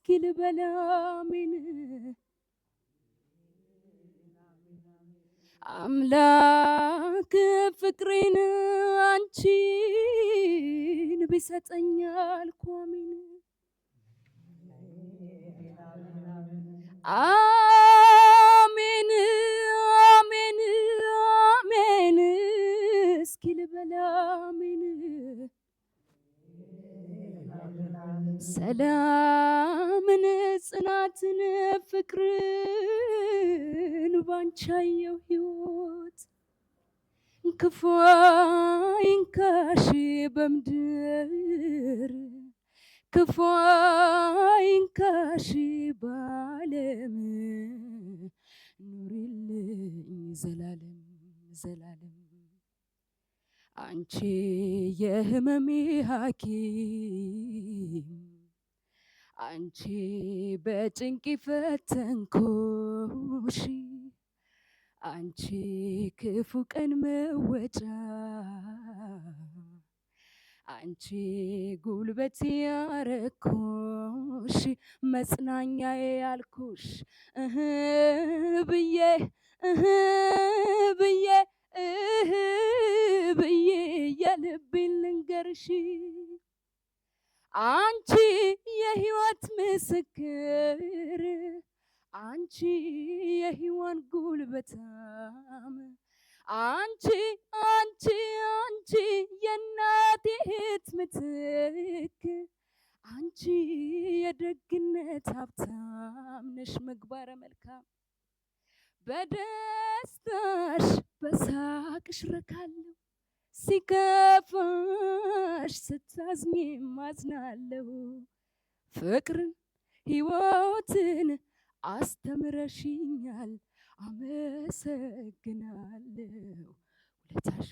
እስኪ ልበል አሜን። አምላክ ፍቅሬን አንቺን ቢሰጠኝ አልኩ አሜን። አሜን አሜን አሜን እስኪ ልበል ሰላምን፣ ጽናትን፣ ፍቅርን ባንቻየው ህይወት ክፉ አይንካሽ በምድር ክፉ አይንካሽ ባለም ኑሪልኝ ዘላለም ዘላለም አንቺ የህመሜ ሐኪም አንቺ በጭንቂ ፈተንኩሽ አንቺ ክፉ ቀን መወጫ አንቺ ጉልበት ያረኩሽ መጽናኛ ያልኩሽ እህ ብዬ እህ ብዬ ብዬ የልቤን ልንገርሽ አንቺ ምስክር አንቺ የሔዋን ጉልበታም አንቺ አንቺ አንቺ የናት እህት ምትክ አንቺ የደግነት ሀብታም ነሽ ምግባረ መልካም በደስታሽ በሳቅሽ ረካለሁ ሲከፋሽ ስታዝኝ ማዝናለሁ ፍቅርን ህይወትን አስተምረሽኛል፣ አመሰግናለሁ ውለታሽ